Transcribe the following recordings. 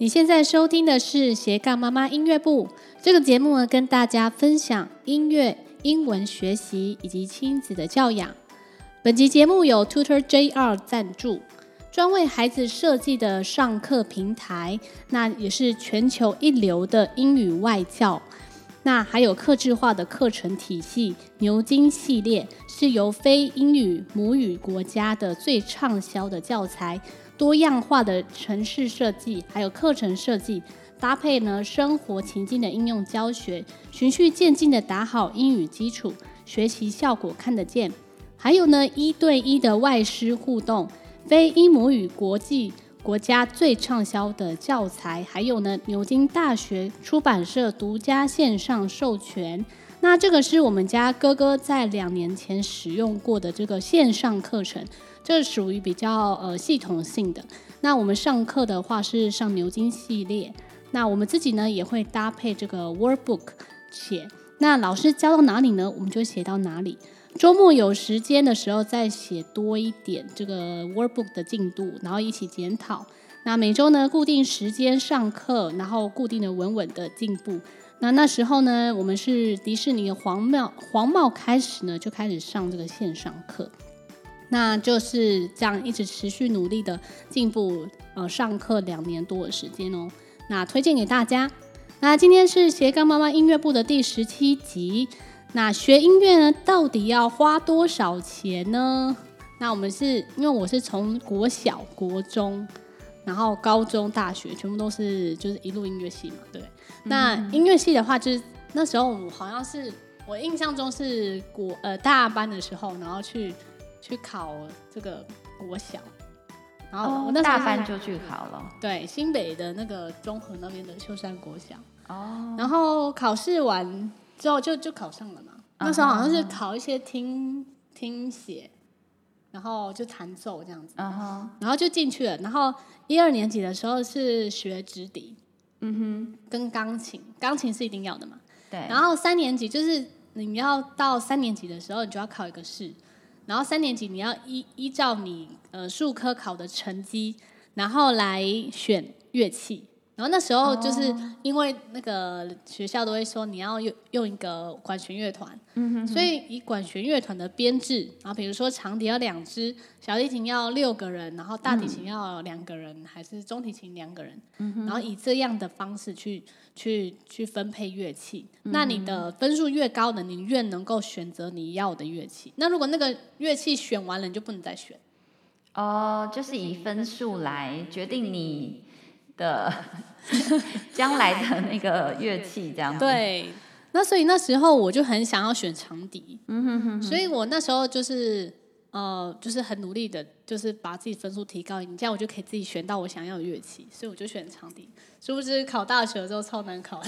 你現在收聽的是斜槓媽媽音樂部這個節目呢，跟大家分享音樂、英文學習以及親子的教養。本集節目由 Tutor JR 贊助，專為孩子設計的上課平台，那也是全球一流的英語外教，那還有客制化的課程體系。牛津系列是由非英語母語國家的最暢銷的教材。多樣化的城市設計，還有課程設計，搭配呢，生活情境的應用教學，循序漸進的打好英語基礎，學習效果看得見。還有呢，一對一的外師互動，非英母語國際國家最暢銷的教材，還有呢，牛津大學出版社獨家線上授權。那這個是我們家哥哥在兩年前使用過的這個線上課程。這是屬於比較呃，系統性的。那我們上課的話是上牛津系列，那我們自己呢也會搭配這個 workbook 寫。那老師教到哪裡呢？我們就寫到哪裡。週末有時間的時候再寫多一點這個 workbook 的進度，然後一起檢討。那每週呢固定時間上課，然後固定的穩穩的進步。那那時候呢，我們是迪士尼的黃帽黃帽開始呢就開始上這個線上課。那就是這樣一直持續努力的進步，呃，上課兩年多的時間哦。那推薦給大家。那今天是斜槓媽媽音樂部的第十七集。那學音樂呢，到底要花多少錢呢？那我們是因為我是從國小、國中，然後高中、大學全部都是就是一路音樂系嘛，對。那音樂系的話，就是那時候我好像是我印象中是國呃大班的時候，然後去。去考這個國小，然後我、oh, 那大班就去考了。對，新北的那個中和那邊的秀山國小。哦、oh.。然後考試完之後就就考上了嘛。Uh -huh. 那時候好像是考一些聽聽寫，然後就彈奏這樣子。Uh -huh. 然後就進去了。然後一二年級的時候是學直笛。嗯哼。跟鋼琴，鋼琴是一定要的嘛。對、uh -huh.。然後三年級就是你要到三年級的時候，你就要考一個試。然後三年級，你要依依照你呃術科考的成績，然後來選樂器。然後那時候就是因為那個學校都會說你要用用一個管弦樂團，嗯哼哼，所以以管弦樂團的編制，然後比如說長笛要兩隻，小提琴要六個人，然後大提琴要兩個人，嗯、還是中提琴兩個人，嗯哼，然後以這樣的方式去去去分配樂器，嗯。那你的分數越高的，你越能夠選擇你要的樂器。那如果那個樂器選完了，你就不能再選。哦，就是以分數來決定你。嗯的 將來的那個樂器，這樣子，對。那所以那時候我就很想要選長笛，嗯、哼哼哼，所以我那時候就是呃，就是很努力的，就是把自己分數提高一點，你這樣我就可以自己選到我想要的樂器。所以我就選長笛。殊不知考大學的時候超難考？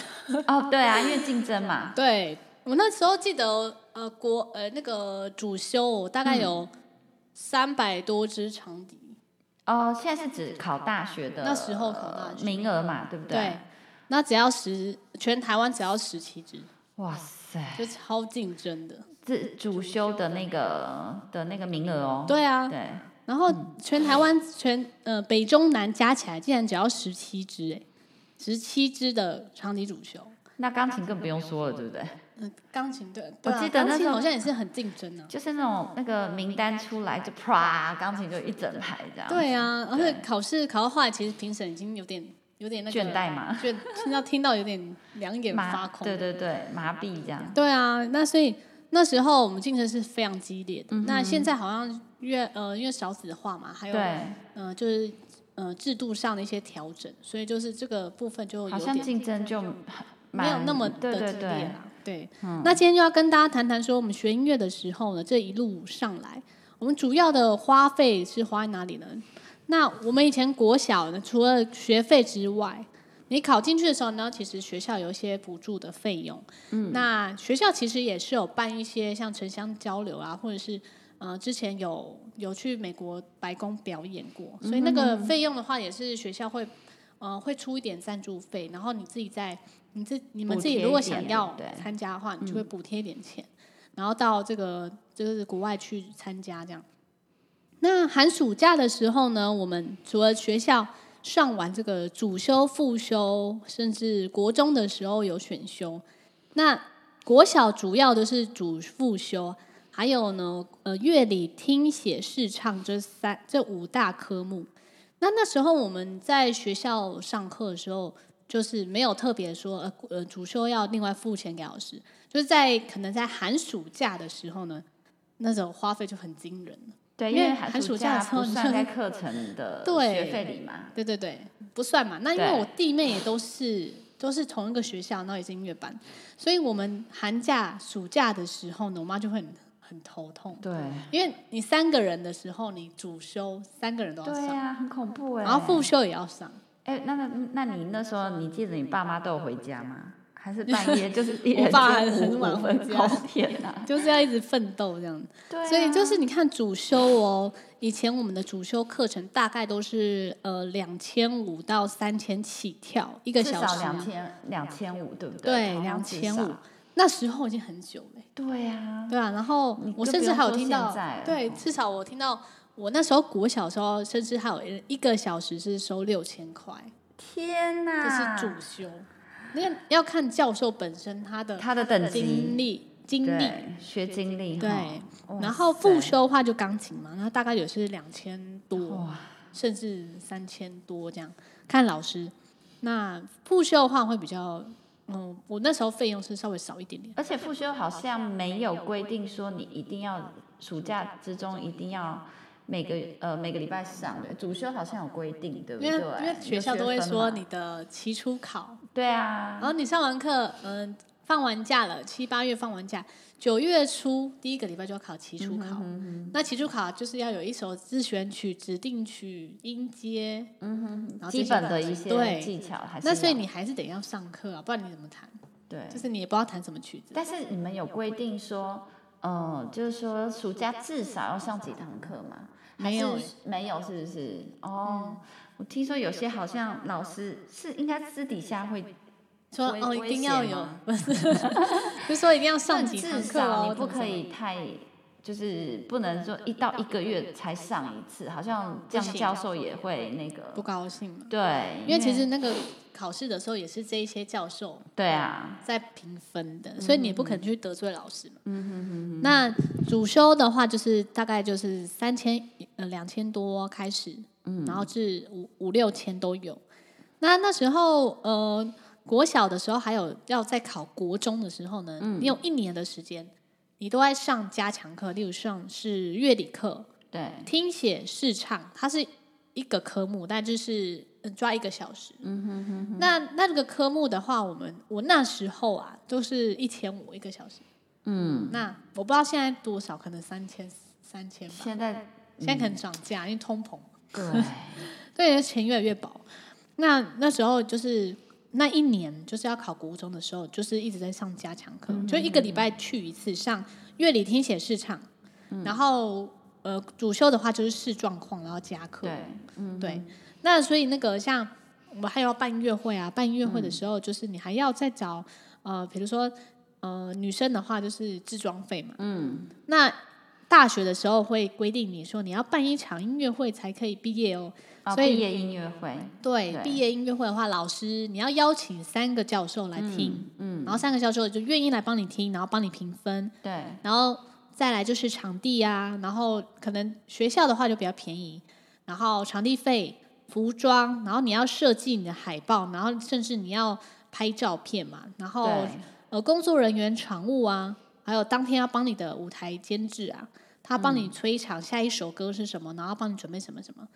哦，對啊，因為競爭嘛。對，我那時候記得呃，國呃那個主修大概有三百多支長笛。哦，現在是指考大學的那時候的名額嘛，對不對？對，那只要十，全台灣只要十七支。哇塞！就超競爭的，這主修的那個的、的那個名額哦。對啊，對。然後全台灣全、嗯、呃北中南加起來竟然只要十七支，欸，哎，十七支的長笛主修，那鋼琴更不用說了、說了，對不對？鋼琴對，我記得那時候、啊、好像也是很競爭呢、啊，就是那種、哦、那個名單出來就啪，鋼琴就一整排這樣，排這樣。對啊對，而且考試考到後來，其實評審已經有點有點那個、倦怠嘛，就聽到聽到有點兩眼發空，對對對，麻痹這樣。對啊，那所以那時候我們競爭是非常激烈的。嗯、那現在好像越呃越少子化嘛，還有嗯、呃、就是呃制度上的一些調整，所以就是這個部分就有點好像競爭就沒有那麼的激烈對對對對。對，那今天就要跟大家談談說，我們學音樂的時候呢，這一路上來，我們主要的花費是花在哪裡呢？那我們以前國小呢，除了學費之外，你考進去的時候呢，其實學校有一些補助的費用，嗯。那學校其實也是有辦一些像城鄉交流啊，或者是呃，之前有有去美國白宮表演過，所以那個費用的話，也是學校會。呃，會出一點贊助費，然後你自己在你自你們自己如果想要參加的話，你就會補貼一點錢，嗯、然後到這個這個、就是國外去參加這樣、嗯。那寒暑假的時候呢，我們除了學校上完這個主修、副修，甚至國中的時候有選修，那國小主要的是主副修，還有呢，呃，樂理聽、聽寫、視唱這三這五大科目。那那時候我們在學校上課的時候，就是沒有特別說呃呃主修要另外付錢給老師，就是在可能在寒暑假的時候呢，那種花費就很驚人了。對，因為寒暑假的時候你，你算在課程的學費裡嘛。對，對對對，不算嘛。那因為我弟妹也都是都是同一個學校，然後也是音樂班，所以我們寒假暑假的時候呢，我媽就會很很頭痛，對，因為你三個人的時候，你主修三個人都要上，對啊，很恐怖哎。然後副修也要上，哎，那那那你那時候，你記得你爸媽都有回家嗎？還是半夜就是，很 我爸很晚回家。天哪，就是要一直奮鬥這樣對啊，所以就是你看主修哦，以前我們的主修課程大概都是呃兩千五到三千起跳一個小時啊，至少兩千兩千五，對不對？對，兩千五。那時候已經很久了。對啊，對啊，然後我甚至還有聽到，對，至少我聽到我那時候國小的時候，甚至還有一個小時是收六千塊。天哪！這是主修，你要看教授本身他的他的等級經歷經歷學經歷，對、對、對，然後副修的話就鋼琴嘛，那大概也是兩千多，甚至三千多這樣，看老師。那副修的話會比較。嗯，我那時候費用是稍微少一點點。而且副修好像沒有規定說你一定要暑假之中一定要每個呃每個禮拜上對，主修好像有規定，對不對？因為，因為學校都會說你的期初考。對啊。然後你上完課，嗯、呃。放完假了，七八月放完假，九月初第一個禮拜就要考期初考，嗯哼哼哼。那期初考就是要有一首自選曲、指定曲、音階，嗯哼，基本的一些技巧還是對。那所以你還是得要上課啊，不然你怎麼彈？對，就是你也不知道彈什麼曲子。但是你們有規定說，呃，就是說暑假至少要上幾堂課嗎？還有沒有？是，沒有是不是，嗯？哦，我聽說有些好像老師是應該私底下會。說哦，一定要有，不 是，就說一定要上幾次課哦 至少，你不可以太，就是不能說一到一個月才上一次，好像這樣教授也會那個不高興。對因，因為其實那個考試的時候也是這一些教授對啊、嗯、在評分的，所以你不可能去得罪老師嘛。嗯嗯嗯，那主修的話就是大概就是三千呃兩千多開始，嗯、然後至五五六千都有。那那時候呃。國小的時候還有要在考國中的時候呢，嗯、你有一年的時間，你都在上加強課，例如上是樂理課，對，聽寫視唱，它是一個科目，但就是抓一個小時。嗯、哼哼哼。那那個科目的話，我們我那時候啊，都、就是一千五一個小時。嗯。那我不知道現在多少，可能三千三千吧。現在現在可能漲價、嗯，因為通膨。對。 對，錢越來越薄。那那時候就是。那一年就是要考國中的時候，就是一直在上加強課，嗯嗯嗯嗯，就一個禮拜去一次，上樂理聽寫試唱，然後呃，主修的話就是試狀況，然後加課，嗯嗯，對，那所以那個像我們還要辦音樂會啊，辦音樂會的時候，就是你還要再找，嗯、呃，比如說呃女生的話就是製裝費嘛，嗯，那。大學的時候會規定你說你要辦一場音樂會才可以畢業哦,哦，所以畢業音樂會對,對畢業音樂會的話，老師你要邀請三個教授來聽嗯，嗯，然後三個教授就願意來幫你聽，然後幫你評分，對，然後再來就是場地啊，然後可能學校的話就比較便宜，然後場地費、服裝，然後你要設計你的海報，然後甚至你要拍照片嘛，然後、呃、工作人員、場務啊。還有當天要幫你的舞台監製啊，他幫你催場，下一首歌是什麼、嗯，然後幫你準備什麼什麼。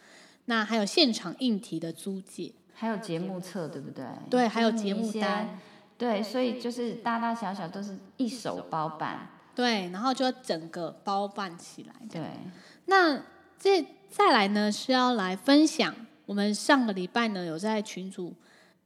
那還有現場硬體的租借，還有節目冊，對不對？對，還有節目單。對，所以就是大大小小都是一手包辦首。對，然後就要整個包辦起來。對，那這再來呢是要來分享，我們上個禮拜呢有在群組，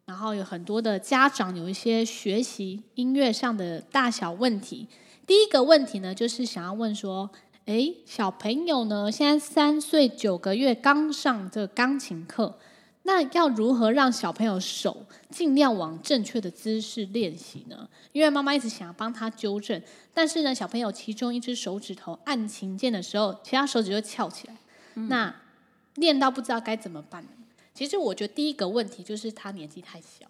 然後有很多的家長有一些學習音樂上的大小問題。第一個問題呢，就是想要問說，誒、欸，小朋友呢，現在三歲九個月，剛上這鋼琴課，那要如何讓小朋友手盡量往正確的姿勢練習呢？因為媽媽一直想要幫他糾正，但是呢，小朋友其中一隻手指頭按琴鍵的時候，其他手指就翹起來，嗯、那練到不知道該怎麼辦。其實我覺得第一個問題就是他年紀太小。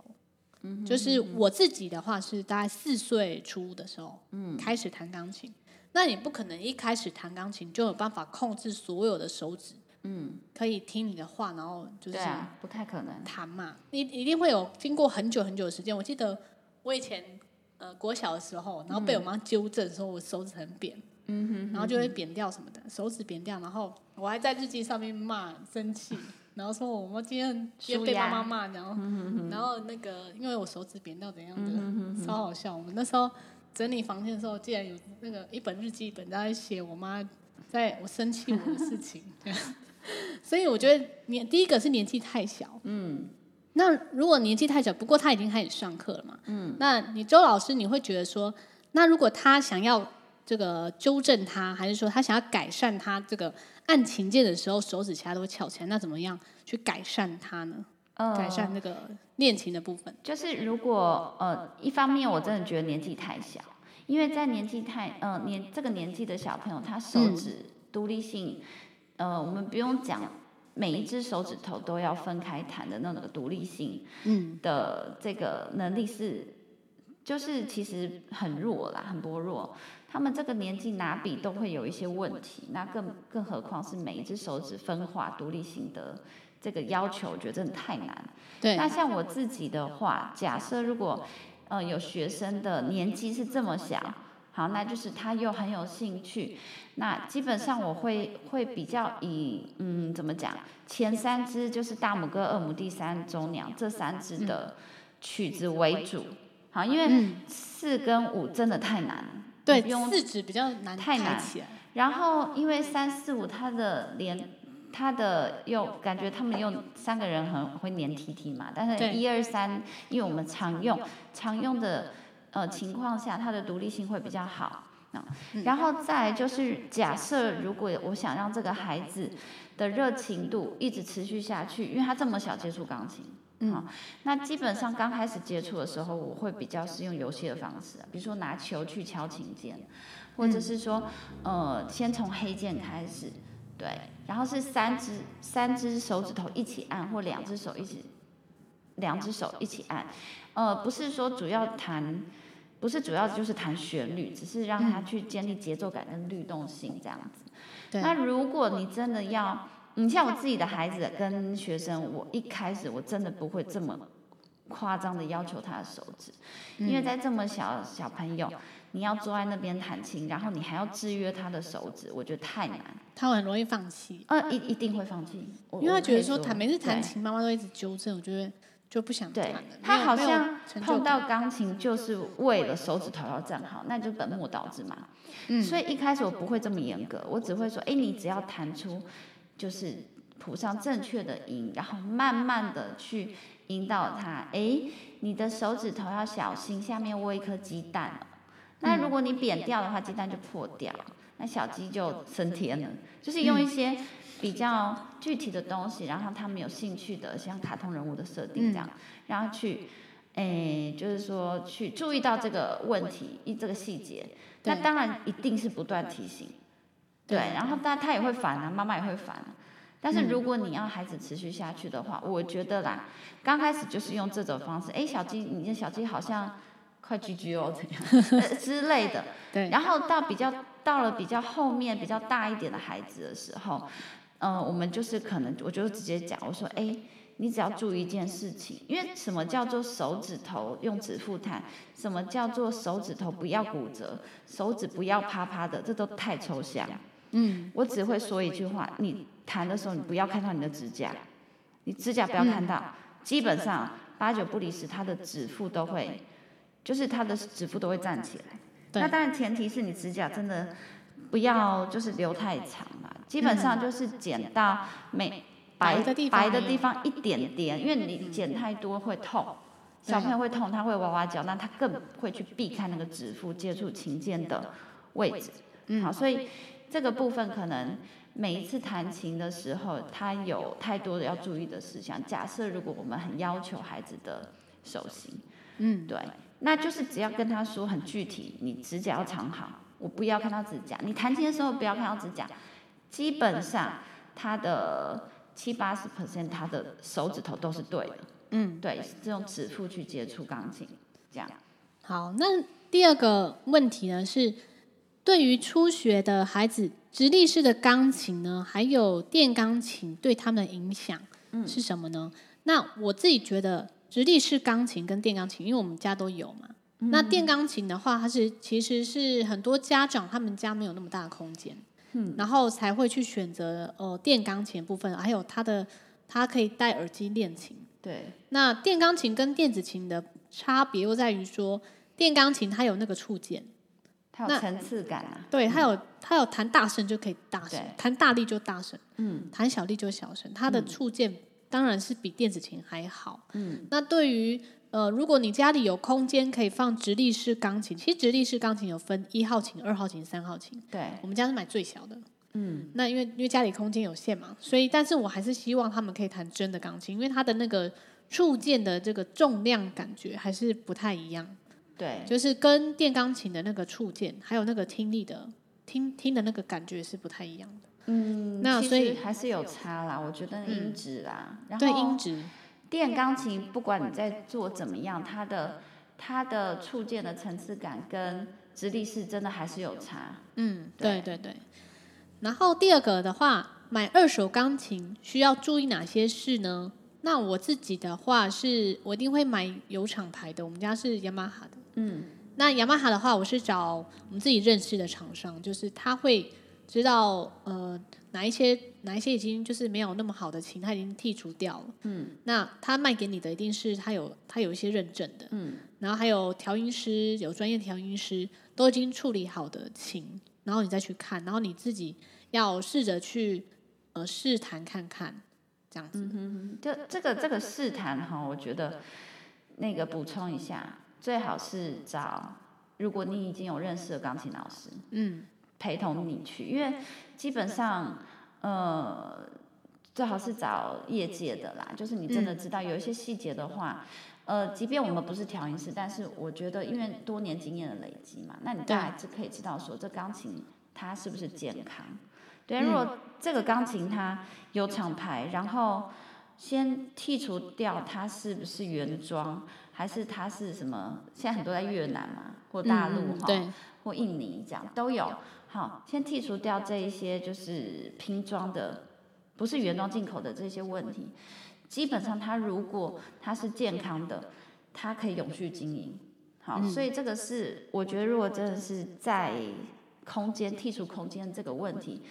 就是我自己的話是大概四歲初的時候，開始彈鋼琴、嗯。那你不可能一開始彈鋼琴就有辦法控制所有的手指，嗯、可以聽你的話，然後就是不太可能彈嘛，你一定會有經過很久很久的時間。我記得我以前呃國小的時候，然後被我媽媽糾正說我手指很扁、嗯，然後就會扁掉什麼的，手指扁掉，然後我還在日記上面罵生氣。 然後說我媽今天又被媽媽罵，然後然後那個因為我手指扁到怎樣的，超好笑。我們那時候整理房間的時候，竟然有那個一本日記本在寫我媽在我生氣我的事情。所以我覺得年第一個是年紀太小。嗯，那如果年紀太小，不過他已經開始上課了嘛。嗯，那你周老師你會覺得說，那如果他想要這個糾正他，還是說他想要改善他這個？按琴鍵的時候，手指其他都會翹起來，那怎麼樣去改善它呢？呃、改善那個練琴的部分。就是如果呃，一方面我真的覺得年紀太小，因為在年紀太呃年這個年紀的小朋友，他手指獨、嗯、立性，呃，我們不用講每一隻手指頭都要分開彈的那種獨立性，嗯的這個能力是，就是其實很弱啦，很薄弱。他們這個年紀拿筆都會有一些問題，那更更何況是每一隻手指分化獨立性的這個要求，我覺得真的太難了。對。那像我自己的話，假設如果呃有學生的年紀是這麼小，好，那就是他又很有興趣，那基本上我會會比較以嗯怎麼講，前三隻就是大拇哥、二拇弟、三中娘這三隻的曲子為主，嗯，好，因為四跟五真的太難了。對，用四指比較難，太難。然後因為三四五他的連，他的又感覺他們用三個人很會連體體嘛。但是一二三，因為我們常用常用的、呃、情況下，它的獨立性會比較好、嗯嗯、然後再就是假設如果我想讓這個孩子的熱情度一直持續下去，因為他這麼小接觸鋼琴。嗯，那基本上剛開始接觸的時候，我會比較是用遊戲的方式、啊，比如說拿球去敲琴鍵，或者是說，嗯、呃，先從黑鍵開始，對，然後是三隻三隻手指頭一起按，或兩隻手一起，兩隻手一起按，呃，不是說主要彈，不是主要就是彈旋律，只是讓他去建立節奏感跟律動性這樣子。對，那如果你真的要你像我自己的孩子跟學生，我一開始我真的不會這麼誇張的要求他的手指，嗯、因為在這麼小小朋友，你要坐在那邊彈琴，然後你還要制約他的手指，我覺得太難。他很容易放棄。呃、嗯，一一定會放棄我，因為他覺得說彈，每次彈琴媽媽都一直糾正，我覺得就不想彈了，對他好像碰到鋼琴就是為了手指頭要站好，那就本末倒置嘛、嗯。所以一開始我不會這麼嚴格，我只會說，哎，你只要彈出。就是譜上正確的音，然後慢慢的去引導他。哎，你的手指頭要小心，下面握一顆雞蛋了。那如果你扁掉的話，雞蛋就破掉，那小雞就升天了。就是用一些比較具體的東西、嗯，然後他們有興趣的，像卡通人物的設定這樣，嗯、然後去，誒，就是說去注意到這個問題一這個細節。那當然一定是不斷提醒。對，然後他他也會煩啊，媽媽也會煩、啊。但是如果你要孩子持續下去的話、嗯，我覺得啦，剛開始就是用這種方式，哎，小雞，你這小雞好像快 GG 哦，怎樣、呃、之類的。對。然後到比較到了比較後面比較大一點的孩子的時候，嗯、呃，我們就是可能我就直接講，我說，哎，你只要注意一件事情，因為什麼叫做手指頭用指腹彈，什麼叫做手指頭不要骨折，手指不要啪啪的，這都太抽象。嗯，我只會說一句話：句話，你彈的時候，你不要看到你的指甲，你指甲不要看到，嗯、基本上八九不離十，他的指腹都會，就是他的指腹都會站起來。那當然前提是你指甲真的不要就是留太長啦、啊，基本上就是剪到每白白的，白、白的地方一點點，因為你剪太多會痛，會痛，小朋友會痛，他會哇哇叫，那他更會去避開那個指腹接觸琴鍵的位置。嗯，好，所以。這個部分可能每一次彈琴的時候，他有太多的要注意的事項。假設如果我們很要求孩子的手型，嗯，對，那就是只要跟他說很具體，你指甲要藏好，我不要看到指甲。你彈琴的時候不要看到指甲。基本上他的七八十 percent，他的手指頭都是對的，嗯，對，是用指腹去接觸鋼琴這樣。好，那第二個問題呢是。對於初學的孩子，直立式的鋼琴呢，還有電鋼琴對他們的影響是什麼呢？嗯、那我自己覺得，直立式鋼琴跟電鋼琴，因為我們家都有嘛。嗯、那電鋼琴的話，它是其實是很多家長他們家沒有那麼大的空間，嗯、然後才會去選擇哦、呃、電鋼琴部分，還有他的他可以戴耳機練琴。對，那電鋼琴跟電子琴的差別又在於說，電鋼琴它有那個觸鍵。層次感啊，對他、嗯、有他有彈大聲就可以大聲，彈大力就大聲，嗯，彈小力就小聲。他的觸鍵當然是比電子琴還好，嗯，那對於呃，如果你家裡有空間可以放直立式鋼琴，其實直立式鋼琴有分一號琴、二號琴、三號琴，對，我們家是買最小的，嗯，那因為因為家裡空間有限嘛，所以但是我還是希望他們可以彈真的鋼琴，因為他的那個觸鍵的這個重量感覺還是不太一樣。對，就是跟電鋼琴的那個觸鍵，還有那個聽力的聽聽的那個感覺是不太一樣的。嗯，那所以還是有差啦。我覺得音質啦對、嗯、音質，電鋼琴不管你在做怎麼樣，它的它的觸鍵的層次感跟直立式真的還是有差。嗯對對對，對對對。然後第二個的話，買二手鋼琴需要注意哪些事呢？那我自己的話是，是我一定會買有廠牌的。我們家是雅馬哈的。嗯，那雅馬哈的話，我是找我們自己認識的廠商，就是他會知道呃哪一些哪一些已經就是沒有那麼好的琴，他已經剔除掉了。嗯，那他賣給你的一定是他有他有一些認證的。嗯，然後還有調音師，有專業調音師都已經處理好的琴，然後你再去看，然後你自己要試着去呃試彈看看這樣子嗯。嗯，嗯，嗯，就這個 這個試彈哈，我覺得那個補充一下。最好是找，如果你已經有認識的鋼琴老師，嗯，陪同你去，因為基本上，呃，最好是找業界的啦，就是你真的知道有一些細節的話，嗯、呃，即便我們不是調音師，但是我覺得，因為多年經驗的累積嘛，那你大概就可以知道說這鋼琴它是不是健康。對，嗯、如果這個鋼琴它有廠牌，然後先剔除掉它是不是原裝。還是它是什麼？現在很多在越南嘛，或大陸哈、哦嗯、對，或印尼這樣都有。好，先剔除掉這一些就是拼裝的，不是原裝進口的這些問題。基本上，它如果它是健康的，它可以永續經營。好，嗯、所以這個是我覺得，如果真的是在空間剔除空間這個問題。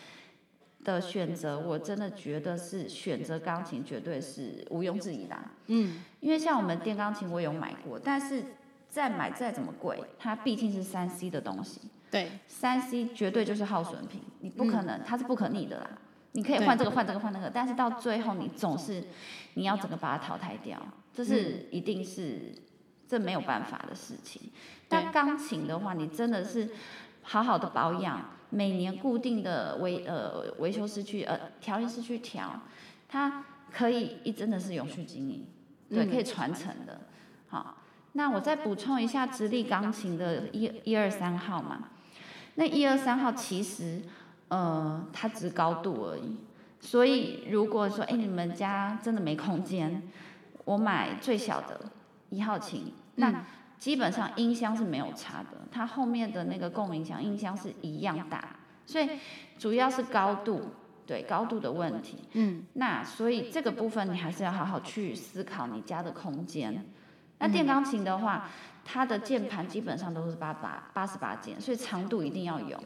的選擇，我真的覺得是選擇鋼琴絕對是毋庸置疑的。嗯，因為像我們電鋼琴，我也有買過，但是再買再怎麼貴，它畢竟是三 C 的東西。對，三 C 絕對就是耗損品，你不可能，嗯、它是不可逆的啦。你可以換這個換這個換那個，但是到最後你總是你要整個把它淘汰掉，這是一定是，嗯、這沒有辦法的事情。但鋼琴的話，你真的是好好的保養。每年固定的維呃維修師去呃調音師去調，它可以一真的是永續經營，對，嗯、可以傳承的。好，那我再補充一下直立鋼琴的一一二三號嘛，那一二三號其實呃它只是高度而已，所以如果說哎、欸、你們家真的沒空間，我買最小的一號琴，嗯、那。基本上音箱是沒有差的，它後面的那個共鳴箱、音箱是一樣大，所以主要是高度，對高度的問題。嗯，那所以這個部分你還是要好好去思考你家的空間。嗯、那電鋼琴的話，它的鍵盤基本上都是八八八十八鍵，所以長度一定要有。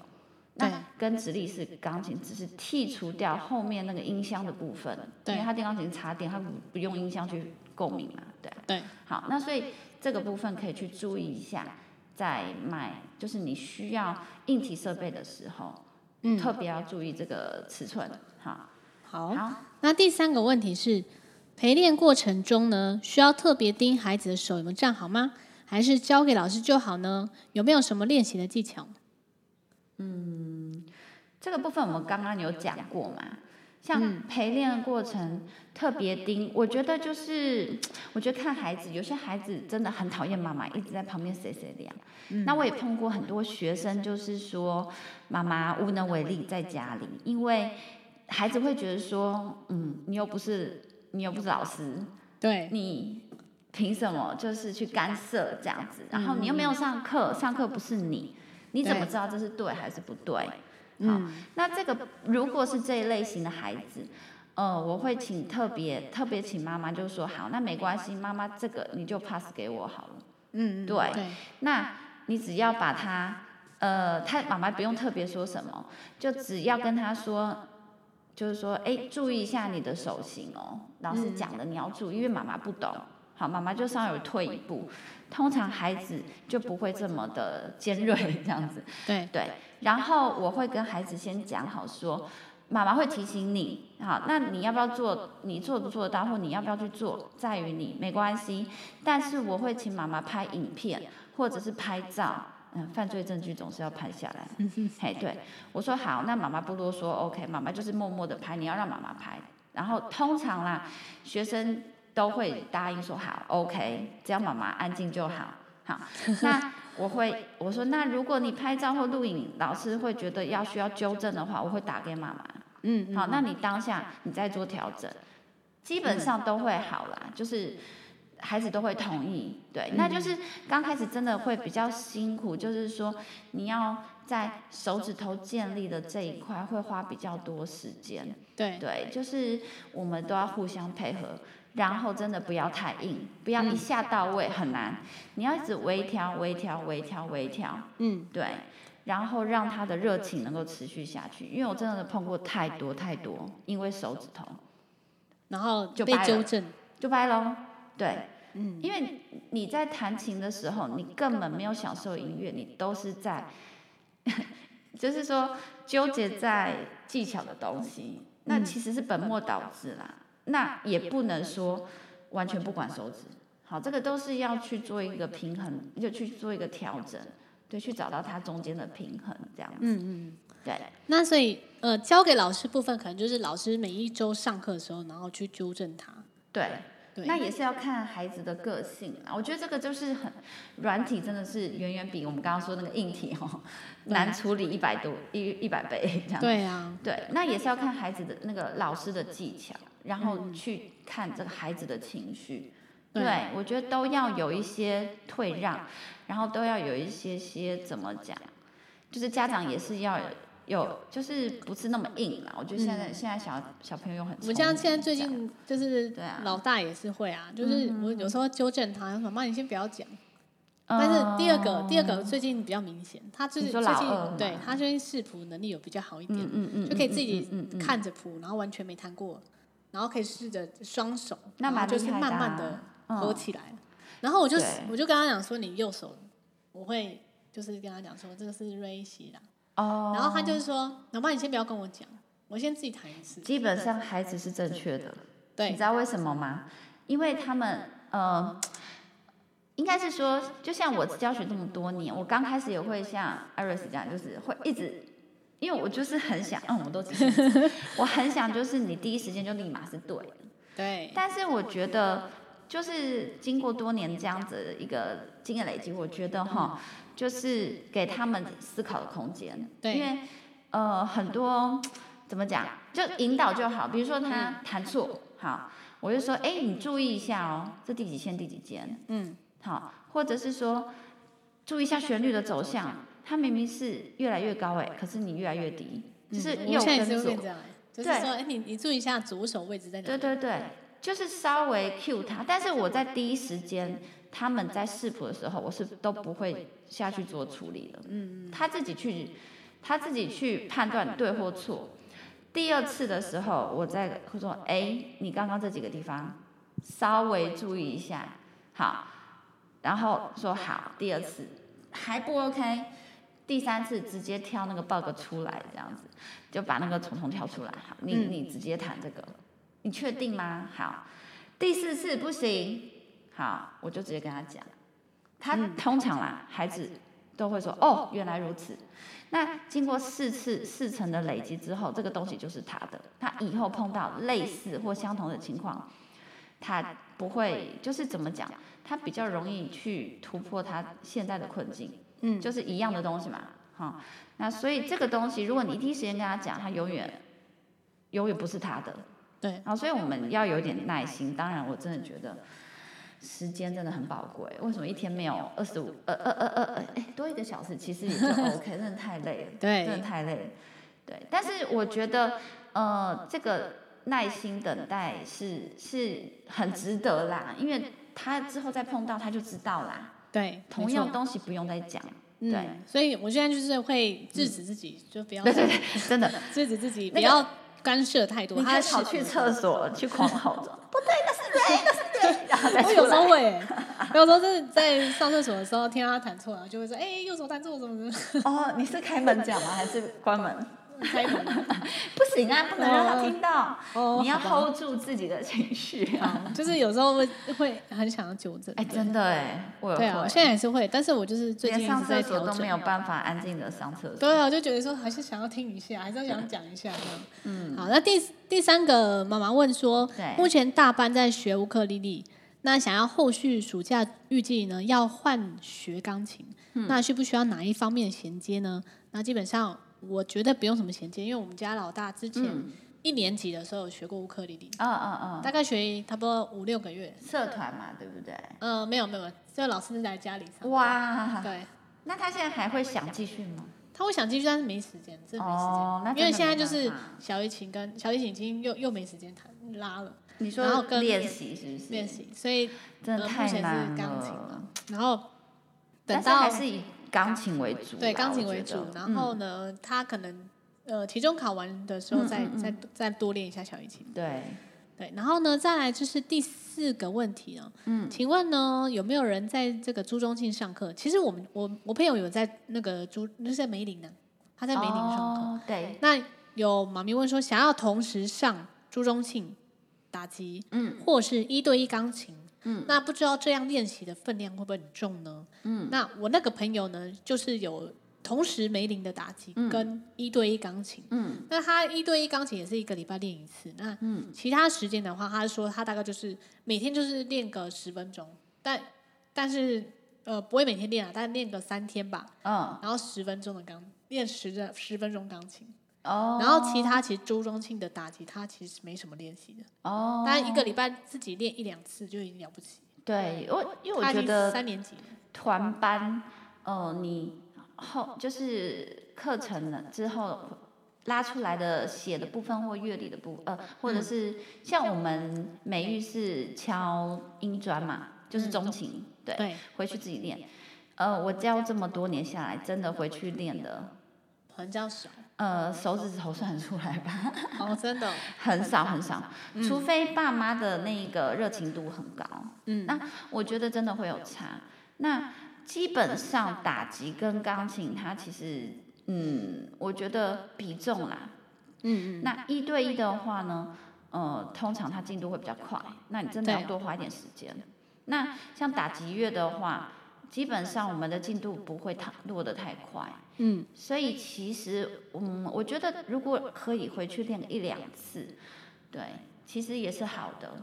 那跟直立式鋼琴只是剔除掉後面那個音箱的部分，對，因為它電鋼琴插電，它不不用音箱去共鳴嘛，對。對。好，那所以。這個部分可以去注意一下，在買就是你需要硬體設備的時候，嗯、特別要注意這個尺寸。好，好。那第三個問題是，陪練過程中呢，需要特別盯孩子的手有沒有站好嗎？還是交給老師就好呢？有沒有什麼練習的技巧？嗯，這個部分我們剛剛有講過嘛。像陪練的過程、嗯、特別盯，我覺得就是，我覺得看孩子，有些孩子真的很討厭媽媽一直在旁邊碎碎念。那我也碰過很多學生，就是說媽媽無能為力在家裡，因為孩子會覺得說，嗯，你又不是你又不是老師，對你憑什麼就是去干涉這樣子？然後你又沒有上課，上課不是你，你怎麼知道這是對還是不對？嗯、好，那這個如果是這一類型的孩子，呃，我會請特別特別請媽媽就說好，那沒關係，媽媽這個你就 pass 給我好了。嗯嗯。對，那你只要把他，呃，他媽媽不用特別說什麼，就只要跟他說，就是說，哎、欸，注意一下你的手型哦，老師講的你要注意，因為媽媽不懂。好，媽媽就稍微退一步，通常孩子就不會這麼的尖銳這樣子。對對，然後我會跟孩子先講好說，說媽媽會提醒你，好，那你要不要做？你做不做到？或你要不要去做，在於你，沒關係。但是我會請媽媽拍影片或者是拍照，嗯，犯罪證據總是要拍下來。哎，對我說好，那媽媽不囉嗦，OK，媽媽就是默默的拍，你要讓媽媽拍。然後通常啦，學生。都會答應說好，OK，只要媽媽安靜就好。好，那我會我說，那如果你拍照或錄影，老師會覺得要需要糾正的話，我會打給媽媽。嗯，好，那你當下你再做調整，基本上都會好了，就是孩子都會同意。對、嗯，那就是剛開始真的會比較辛苦，就是說你要在手指頭建立的這一塊會花比較多時間。對對，就是我們都要互相配合。然後真的不要太硬，不要一下到位，嗯、很難，你要一直微調、微調、微調、微調。嗯，對。然後讓他的熱情能夠持續下去，因為我真的碰過太多太多，因為手指頭，然後就被糾正，就掰了。就掰咯，對、嗯，因為你在彈琴的時候，你根本沒有享受音樂，你都是在， 就是說糾結在技巧的東西，嗯、那其實是本末倒置啦。那也不能說完全不管手指，好，這個都是要去做一個平衡，就去做一個調整，對，去找到它中間的平衡這樣子。嗯嗯，對。那所以呃，交給老師部分可能就是老師每一周上課的時候，然後去糾正他對對。對，那也是要看孩子的個性啊。我覺得這個就是很軟體，真的是遠遠比我們剛剛說的那個硬體哦、喔、難處理一百多一一百倍這樣子。對啊，對，那也是要看孩子的那個老師的技巧。然後去看這個孩子的情緒，嗯、對我覺得都要有一些退讓，嗯，然後都要有一些些怎麼講，就是家長也是要有，就是不是那麼硬嘛。我覺得現在、嗯、現在小小朋友很，我像現在最近就是對啊，老大也是會啊，就是我有時候糾正他，說媽，媽你先不要講。嗯、但是第二個第二個最近比較明顯，他最近對他最近視譜能力有比較好一點，嗯嗯，嗯，就可以自己看着譜，然後完全沒彈過。然後可以試着雙手，那啊、慢慢就是慢慢的合起來，嗯。然後我就我就跟他講說，你右手，我會就是跟他講說，這個是 Rice 啦。哦。然後他就是說，老爸，你先不要跟我講，我先自己彈一次。基本上孩子是正確的。對。你知道為什麼嗎？嗯、因為他們，呃，應該是說，就像我教學這麼多年，我剛開始也會像艾瑞斯這樣就是會一直。因為我就是很想，嗯，我都 我很想就是你第一時間就立馬是對的，對。但是我覺得就是經過多年這樣子一個經驗累積，我覺得哈，就是給他們思考的空間，對。因為呃很多怎麼講，就引導就好，比如說他彈錯，好，我就說哎，你注意一下哦，這第幾線，第幾間？嗯，好，或者是說注意一下旋律的走向。他明明是越來越高哎，可是你越來越低，嗯、就是、嗯、你有跟錯。對，就是說，哎、欸，你你注意一下左手位置在哪裡？對對對，就是稍微 cue 他。但是我在第一時間，他們在試譜的時候，我是都不會下去做處理的。嗯，他自己去，他自己去判斷對或錯。第二次的時候我，我在說，哎、欸，你剛剛這幾個地方稍微注意一下，好。然後說好，第二次還不 OK。第三次直接挑那個 bug 出來，這樣子就把那個蟲蟲挑出來。好，你你直接彈這個，你確定嗎？好，第四次不行，好，我就直接跟他講。他通常啦、啊，孩子都會說，哦，原來如此。那經過四次四層的累積之後，這個東西就是他的。他以後碰到類似或相同的情況，他不會就是怎麼講，他比較容易去突破他現在的困境。嗯，就是一樣的東西嘛，嗯、好，那所以這個東西，如果你第一時間跟他講，他永遠，永遠不是他的，對，然後所以我們要有點耐心。當然，我真的覺得，時間真的很寶貴。為什麼一天沒有二十五，呃，二二二二，哎、呃欸，多一個小時其實也就 OK，真的太累了，對，真的太累了，對。但是我覺得，呃，這個耐心等待是是很值得啦，因為他之後再碰到他就知道啦。對，同樣東西不用再講、嗯。對，所以我現在就是會制止自己，嗯、就不要。對對，對真的。制止自己不要干涉太多。你、那、還、個、跑去廁所、那個、去狂吼。不對，那是對，那是對。我有時候會、欸，我有時候是在上廁所的時候聽到他彈錯了，就會說：“哎、欸，右手單坐彈錯了，怎麼怎麼。”哦， 你是開門講嗎？還是關門？關門 不行啊，不能讓他聽到。哦、你要 hold 住自己的情緒、啊。好、嗯，就是有時候會會很想要糾正。哎、欸，真的哎、欸，我有。對啊，我現在也是會，但是我就是最近一直在調整上廁所，都沒有辦法安靜的上廁所。對啊，我就覺得說還是想要聽一下，還是要想要講一下。嗯，好，那第第三個媽媽問說，目前大班在學烏克麗麗，那想要後續暑假預計呢要換學鋼琴、嗯，那需不需要哪一方面的銜接呢？那基本上。我覺得不用什麼銜接，因為我們家老大之前、嗯、一年級的時候學過烏克麗麗、哦哦，大概學一差不多五六個月，社團嘛，對不對？嗯、呃，沒有沒有，這個老師是在家裡上。哇，對，那他現在還會想繼續嗎？他會想繼續，但是沒時間，這沒時間、哦，因為現在就是小提琴跟小提琴已經又又沒時間彈拉了，你說然後跟練習是不是？練習，所以是鋼琴真的太難了。然後等到鋼琴，對鋼琴為主，對鋼琴為主，然後呢，嗯、他可能呃，期中考完的時候再嗯嗯嗯再再多練一下小提琴，對對，然後呢，再來就是第四個問題啊，嗯，請問呢，有沒有人在這個朱宗慶上課？其實我們我我朋友有在那個朱，那、就是在梅林呢、啊。他在梅林上課，哦，對，那有媽咪問說想要同時上朱宗慶打擊，嗯，或者是一對一鋼琴。嗯，那不知道這樣練習的分量會不會很重呢？嗯，那我那個朋友呢，就是有同時梅林的打擊跟一對一鋼琴，嗯，那他一對一鋼琴也是一個禮拜練一次，那其他時間的話，他說他大概就是每天就是練個十分鐘，但但是呃不會每天練啊，但練個三天吧，哦，然後十分鐘的鋼練十十分鐘鋼琴。哦、oh，然後其他其實周中慶的打擊，他其實沒什麼練習的哦、oh，但一個禮拜自己練一兩次就已經了不起。對，因為因為我覺得三年級團班，呃，你後就是課程了之後拉出來的寫的部分或樂理的部分呃，或者是像我們美育是敲音磚嘛，就是鐘琴，對，回去自己練。呃，我教這麼多年下來，真的回去練的比較少。呃，手指頭算出來吧？哦，真的很少很少，很少，除非爸媽的那個熱情度很高。嗯，那我覺得真的會有差。那基本上打擊跟鋼琴，它其實，嗯，我覺得比重啦。嗯嗯。那一對一的話呢，呃，通常它進度會比較快。那你真的要多花一點時間。那像打擊樂的話，基本上我們的進度不會太落得太快。嗯，所以其實，嗯，我覺得如果可以回去練個一兩次，對，其實也是好的。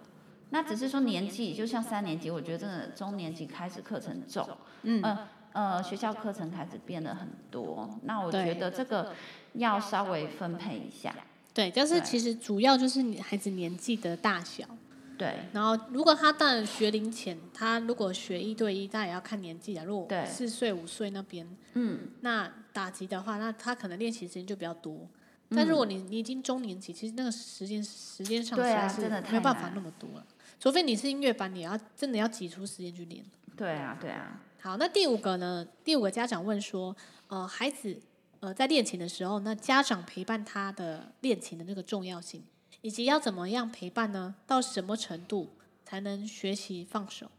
那只是說年紀，就像三年級，我覺得真的中年級開始課程重，嗯嗯，呃呃，學校課程開始變得很多。那我覺得這個要稍微分配一下。對，就是其實主要就是你孩子年紀的大小。對，然後如果他當然學齡前，他如果學一對一，他也要看年紀的，啊。如果四歲五歲那邊，嗯，那打擊的話，那他可能練習時間就比較多。嗯，但如果你你已經中年級，其實那個時間時間上其實是沒有辦法那麼多了，啊，除非你是音樂班，你要真的要擠出時間去練。對啊，對啊。好，那第五個呢？第五個家長問說，呃，孩子呃在練琴的時候，那家長陪伴他的練琴的那個重要性。以及要怎麼樣陪伴呢？到什麼程度才能學習放手？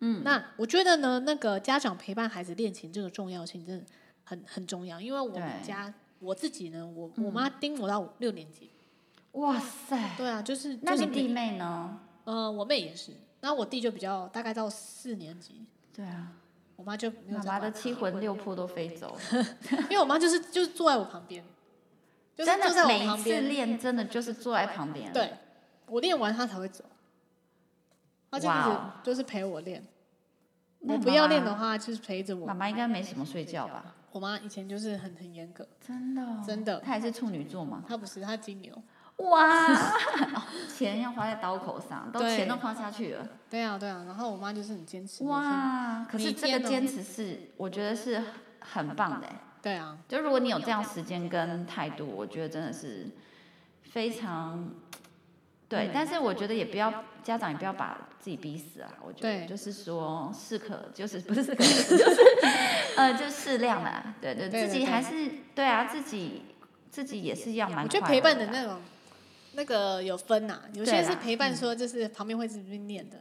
嗯，那我覺得呢，那個家長陪伴孩子練琴這個重要性真的很很重要。因為我們家我自己呢，我、嗯、我媽盯我到六年級。哇塞！對啊，就是。那你弟妹呢？嗯、呃，我妹也是。那我弟就比較大概到四年級。對啊。我媽就我媽，媽的七魂六魄都飛走了， 因為我媽就是就是坐在我旁邊。就是、真的是每一次練，真的就是坐在旁邊。對，我練完他才會走。哇，他就就是陪我練、wow。我不要練的話，媽媽就是陪着我。媽媽應該沒什麼睡覺吧？我媽以前就是很很嚴格，真的、哦、真的。他也是處女座嗎？他不是，他金牛。哇， 錢要花在刀口上，都錢都花下去了。對,對啊對啊，然後我媽就是很堅持。哇，可是這個堅持是，我覺得是很棒的、欸。對啊，就如果你有這樣時間跟態度，我覺得真的是非常對，對。但是我覺得也不要家長也不要把自己逼死啊。我覺得就是說適可就是、就是、不是適可就是，是，是、就是、是 呃就適量啦。對對，自己還是對啊，自己自己也是要蠻。我覺得陪伴的那種那個有分吶、啊，有些是陪伴說就是旁邊會是念的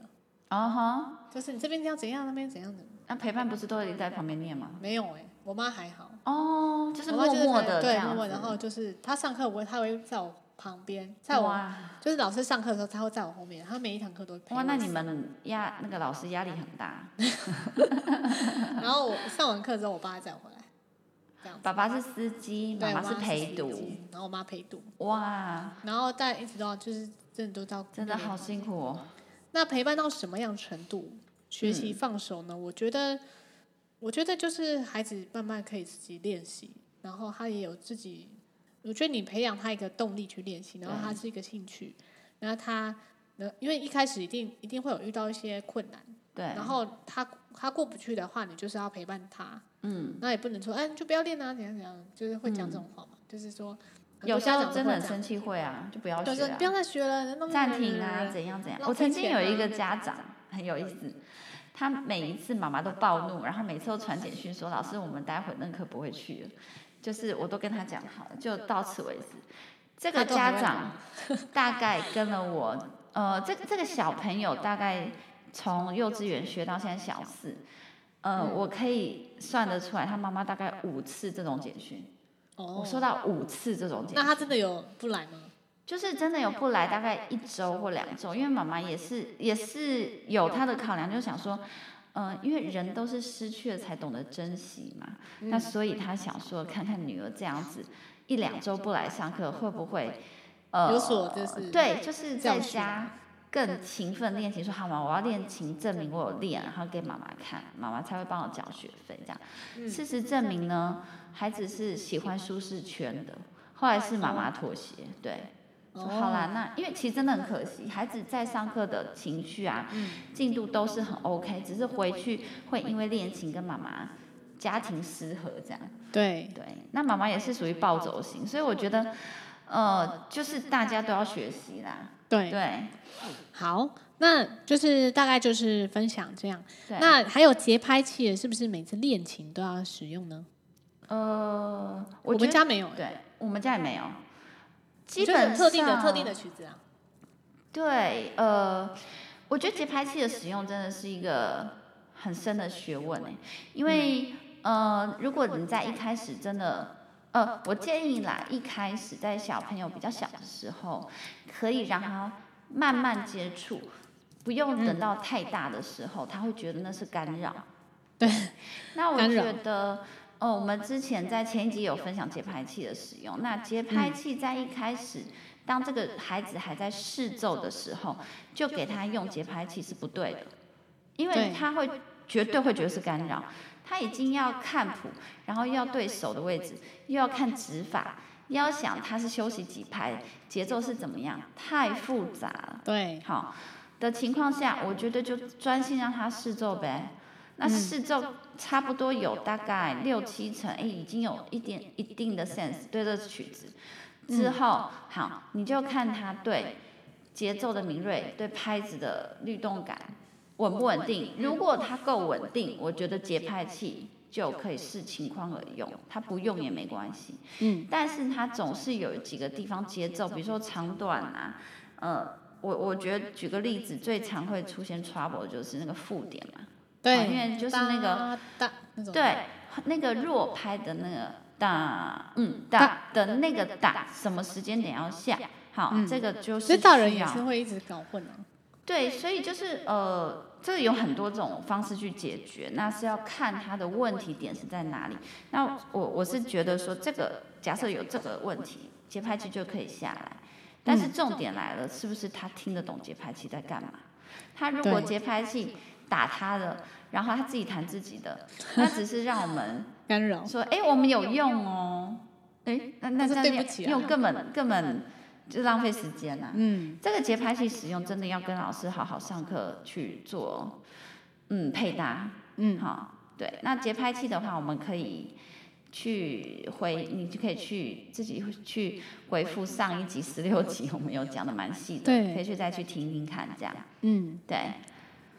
哦哈、啊嗯，就是你這邊要怎樣那邊怎樣的。那、啊、陪伴不是都已經在旁邊念嗎？沒有哎、欸，我媽還好。哦、oh，就是默默的，對，默默。然後就是他上課不會，他會在我旁邊，在我哇，就是老師上課的時候，他會在我後面。他每一堂課都陪我。哇，那你們壓那個老師壓力很大。 然後我上完課之後，我爸再回來。這樣，爸爸是司機，媽媽是，媽是陪讀，然後我媽陪讀。哇，然後在一直都就是真的都照顧，真的好辛苦哦。那陪伴到什麼樣程度？學習放手呢？嗯、我覺得。我覺得就是孩子慢慢可以自己練習，然後他也有自己。我覺得你培養他一個動力去練習，然後他是一個興趣，然後他，因為一開始一定一定會有遇到一些困難，對。然後他他過不去的話，你就是要陪伴他，嗯。那也不能說，哎，就不要練啊，怎樣怎樣，就是會講這種話嘛，嗯、就是說，家長有些真的很生氣會啊，就不要學、啊，就是、不要再學了，人那麼了，暫停啊，怎樣怎樣。啊、我曾經有一個家長很有意思。他每一次媽媽都暴怒，然後每次都傳簡訊說：“老師，我們待會那課不會去了。”就是我都跟他講好了，就到此為止。這個家長大概跟了我，呃，這個、這個小朋友大概從幼稚園學到現在小四，呃，我可以算得出來，他媽媽大概五次這種簡訊，我收到五次這種簡訊。哦，那他真的有不來嗎？就是真的有不來，大概一周或兩周，因為媽媽也是也是有她的考量，就想說，嗯，因為人都是失去了才懂得珍惜嘛，那所以她想說，看看女兒這樣子一兩周不來上課，會不會呃有所就是對，就是在家更勤奮練琴，說好嘛，我要練琴證明我有練，然後給媽媽看，媽媽才會幫我繳學費這樣。事實證明呢，孩子是喜歡舒適圈的，後來是媽媽妥協，對。Oh. 好啦，那因為其實真的很可惜，孩子在上課的情緒啊、嗯、進度都是很 OK，只是回去會因為練琴跟媽媽家庭失和這樣。對對，那媽媽也是屬於暴走型，所以我覺得，呃，就是大家都要學習啦。對，對，好，那就是大概就是分享這樣。那還有節拍器，是不是每次練琴都要使用呢？呃、uh，我們家沒有，對，我們家也沒有。基本上，特定的對，呃，我覺得節拍器的使用真的是一個很深的學問，因為呃，如果你在一開始真的，呃，我建議啦，一開始在小朋友比較小的時候，可以讓他慢慢接觸，不用等到太大的時候，他會覺得那是干擾。對。那我覺得。哦，我們之前在前一集有分享節拍器的使用。那節拍器在一開始，嗯，當這個孩子還在試奏的時候，就給他用節拍器是不對的，因為他會絕對會覺得是干擾。他已經要看譜，然後又要對手的位置，又要看指法，又要想他是休息幾拍，節奏是怎麼樣，太複雜了。對，好的情況下，我覺得就專心讓他試奏唄。那視奏差不多有大概六七成，哎，已經有一點一定的 sense 對這個曲子、嗯、之後，好，你就看他對節奏的敏銳，對拍子的律動感穩不穩定，穩定。如果它夠穩定，我覺得節拍器就可以視情況而用，它不用也沒關係。嗯，但是它總是有幾個地方節奏，比如說長短啊，呃，我我覺得舉個例子，最常會出現 trouble 就是那個附點嘛、啊。對、啊，因為就是那個那種，對，那個弱拍的那個大，嗯，大的那個大，什麼時間點要下？好，嗯、這個就是。這大人也是會一直搞混了、啊。對，所以就是呃，這個有很多種方式去解決，那是要看他的問題點是在哪裡。那我我是覺得說，這個假設有這個問題，節拍器就可以下來。但是重點來了，是不是他聽得懂節拍器在幹嘛？他如果節拍器。打他的，然後他自己彈自己的，那只是讓我們說干擾。說，哎，我們有用哦，哎，那那這樣用、啊、根本根本就浪費時間啦、啊嗯。嗯，這個節拍器使用真的要跟老師好好上課去做，嗯，配搭，嗯，好、哦，對。那節拍器的話，我們可以去回，回，你就可以去自己去回復上一集，上一集十六集，我們有講的蠻細的，蠻細的對，可以去再去聽聽看，這樣，嗯，對。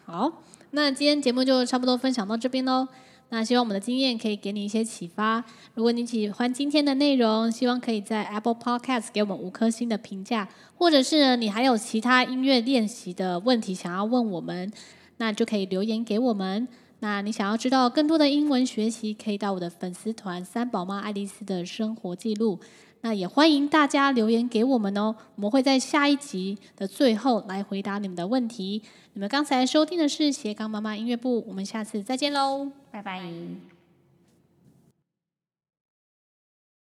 好，那今天節目就差不多分享到這邊嘍。那希望我們的經驗可以給你一些啟發。如果你喜歡今天的內容，希望可以在 Apple Podcast 給我們五顆星的評價，或者是你還有其他音樂練習的問題想要問我們，那就可以留言給我們。那你想要知道更多的英文學習，可以到我的粉絲團“三寶媽愛麗絲”的生活記錄。那也歡迎大家留言給我們哦，我們會在下一集的最後來回答你們的問題。你們剛才收聽的是《斜槓媽媽音樂部》，我們下次再見嘍，拜拜。